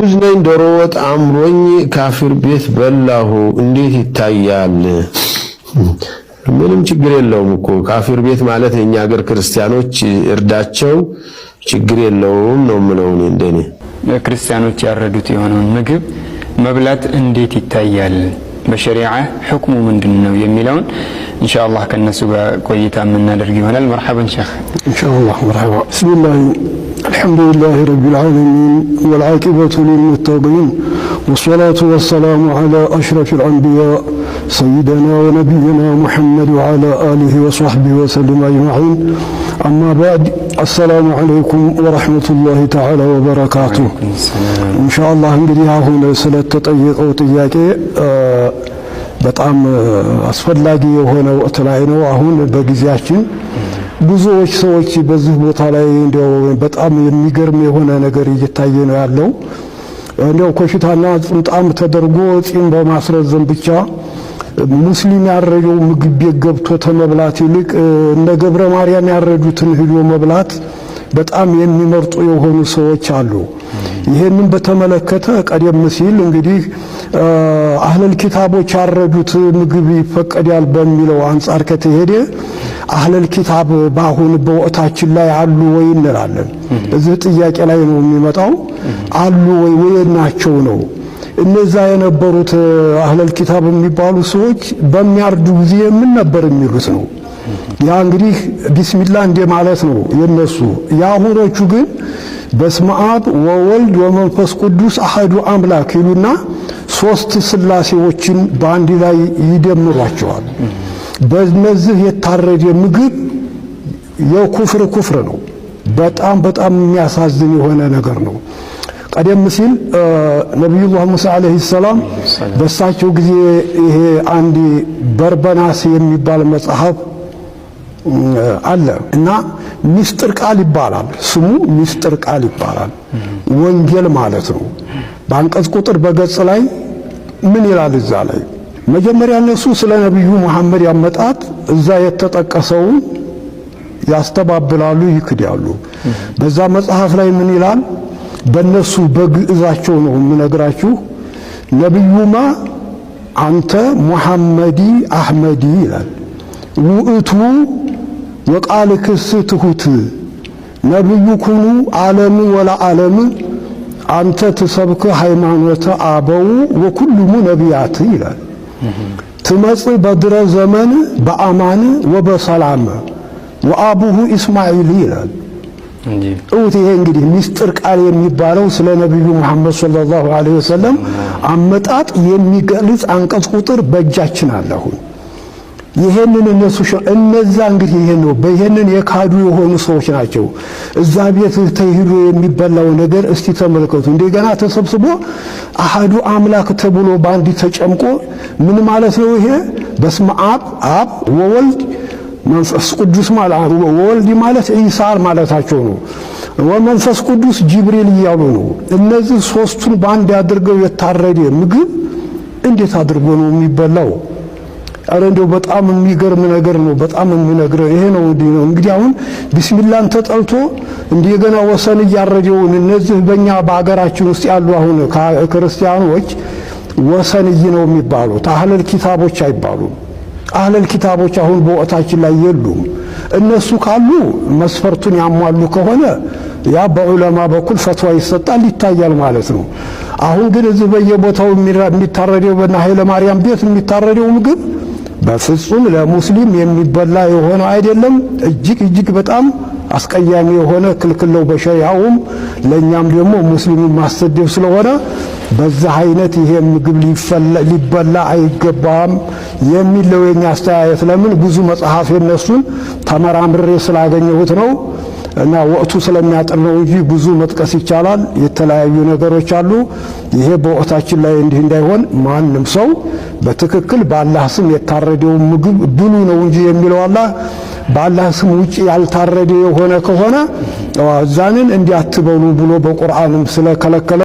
እርጉዝ ነኝ። ዶሮ ወጥ አምሮኝ ካፊር ቤት በላሁ። እንዴት ይታያል? ምንም ችግር የለውም እኮ ካፊር ቤት ማለት የኛ ሀገር ክርስቲያኖች እርዳቸው፣ ችግር የለውም ነው ምለው። እኔ እንደኔ ክርስቲያኖች ያረዱት የሆነውን ምግብ መብላት እንዴት ይታያል? በሸሪዓ ሕክሙ ምንድን ነው የሚለውን ኢንሻአላህ ከነሱ ጋር ቆይታ የምናደርግ ይሆናል። መርሐበን ሼህ ኢንሻአላህ መርሐባ الحمد لله رب العالمين والعاقبة للمتقين والصلاة والسلام على أشرف الأنبياء سيدنا ونبينا محمد وعلى آله وصحبه وسلم أجمعين أما بعد السلام عليكم ورحمة الله تعالى وبركاته إن شاء الله هنا አሁን تطيق ጥያቄ بطعم أسفل የሆነ هنا ላይ ነው وهنا በጊዜያችን ብዙዎች ሰዎች በዚህ ቦታ ላይ እንዲያው በጣም የሚገርም የሆነ ነገር እየታየ ነው ያለው። እንዲያው ኮሽታና ጥምጣም ተደርጎ ጺም በማስረዘም ብቻ ሙስሊም ያረደው ምግብ ቤት ገብቶ ተመብላት ይልቅ እነ ገብረ ማርያም ያረዱትን ሂዶ መብላት በጣም የሚመርጡ የሆኑ ሰዎች አሉ። ይህንን በተመለከተ ቀደም ሲል እንግዲህ አህለል ኪታቦች ያረዱት ምግብ ይፈቀዳል በሚለው አንጻር ከተሄደ አህለል ኪታብ በአሁን በወቅታችን ላይ አሉ ወይ እንላለን። እዚህ ጥያቄ ላይ ነው የሚመጣው። አሉ ወይ ወይ ናቸው ነው እነዛ የነበሩት አህለል ኪታብ የሚባሉ ሰዎች በሚያርዱ ጊዜ ምን ነበር የሚሉት ነው። ያ እንግዲህ ቢስሚላህ እንደ ማለት ነው የነሱ። የአሁኖቹ ግን በስመ አብ ወወልድ ወመንፈስ ቅዱስ አህዱ አምላክ ይሉና ሶስት ስላሴዎችን በአንድ ላይ ይደምሯቸዋል። በእነዚህ የታረደ ምግብ የኩፍር ኩፍር ነው። በጣም በጣም የሚያሳዝን የሆነ ነገር ነው። ቀደም ሲል ነቢዩላህ ሙሳ ዓለይሂ ሰላም በእሳቸው ጊዜ ይሄ አንድ በርበናስ የሚባል መጽሐፍ አለ እና ሚስጥር ቃል ይባላል። ስሙ ሚስጥር ቃል ይባላል። ወንጌል ማለት ነው። በአንቀጽ ቁጥር በገጽ ላይ ምን ይላል? እዛ ላይ መጀመሪያ እነሱ ስለ ነቢዩ መሐመድ ያመጣት እዛ የተጠቀሰውን ያስተባብላሉ፣ ይክዳሉ። በዛ መጽሐፍ ላይ ምን ይላል? በእነሱ በግዕዛቸው ነው የምነግራችሁ። ነቢዩማ አንተ ሙሐመዲ አህመዲ ይላል ውእቱ ወቃል ክስ ትሁት ነቢዩ ኩኑ ዓለም ወላ ዓለም አንተ ትሰብክ ሃይማኖተ አበው ወኩሉሙ ነቢያት ይላል። ትመጽ በድረ ዘመን በአማን ወበሰላም ወአቡሁ ኢስማኤል ይላል። እውት ይሄ እንግዲህ ሚስጥር ቃል የሚባለው ስለ ነቢዩ መሐመድ ሰለላሁ ዐለይሂ ወሰለም አመጣጥ የሚገልጽ አንቀጽ ቁጥር በእጃችን አለሁን ይሄንን እነሱ እነዛ እንግዲህ ይሄን ነው በይሄንን የካዱ የሆኑ ሰዎች ናቸው። እዛ ቤት ተሂዶ የሚበላው ነገር እስቲ ተመልከቱ። እንደገና ተሰብስቦ አሃዱ አምላክ ተብሎ በአንድ ተጨምቆ ምን ማለት ነው? ይሄ በስመ አብ አብ ወወልድ መንፈስ ቅዱስ ማለት ወወልድ ማለት ኢሳል ማለታቸው ነው። ወመንፈስ ቅዱስ ጅብሪል እያሉ ነው። እነዚህ ሶስቱን በአንድ አድርገው የታረደ ምግብ እንዴት አድርጎ ነው የሚበላው? አረ እንደው በጣም የሚገርም ነገር ነው። በጣም የሚነግረው ይሄ ነው ነው እንግዲህ አሁን ቢስሚላን ተጠልቶ እንደገና ወሰን እያረጀውን እነዚህ በእኛ በሀገራችን ውስጥ ያሉ አሁን ክርስቲያኖች ወሰንይ ነው የሚባሉት። አህለል ኪታቦች አይባሉም። አህለል ኪታቦች አሁን በወቅታችን ላይ የሉም። እነሱ ካሉ መስፈርቱን ያሟሉ ከሆነ ያ በዑለማ በኩል ፈትዋ ይሰጣል፣ ይታያል ማለት ነው። አሁን ግን እዚህ በየቦታው የሚታረደው በና ኃይለ ማርያም ቤት የሚታረደው ምግብ በፍጹም ለሙስሊም የሚበላ የሆነ አይደለም። እጅግ እጅግ በጣም አስቀያሚ የሆነ ክልክል ነው በሸሪዓውም ለእኛም ደግሞ ሙስሊም ማሰደብ ስለሆነ በዛ አይነት ይሄ ምግብ ሊበላ አይገባም የሚለው የኛ አስተያየት። ለምን ብዙ መጽሐፍ የነሱን ተመራምሬ ስላገኘሁት ነው። እና ወቅቱ ስለሚያጥር ነው እንጂ ብዙ መጥቀስ ይቻላል። የተለያዩ ነገሮች አሉ። ይሄ በወቅታችን ላይ እንዲህ እንዳይሆን ማንም ሰው በትክክል በአላህ ስም የታረደው ምግብ ብሉ ነው እንጂ የሚለው አላህ በአላህ ስም ውጭ ያልታረደ የሆነ ከሆነ እዋዛንን እንዲያትበሉ ብሎ በቁርአንም ስለከለከለ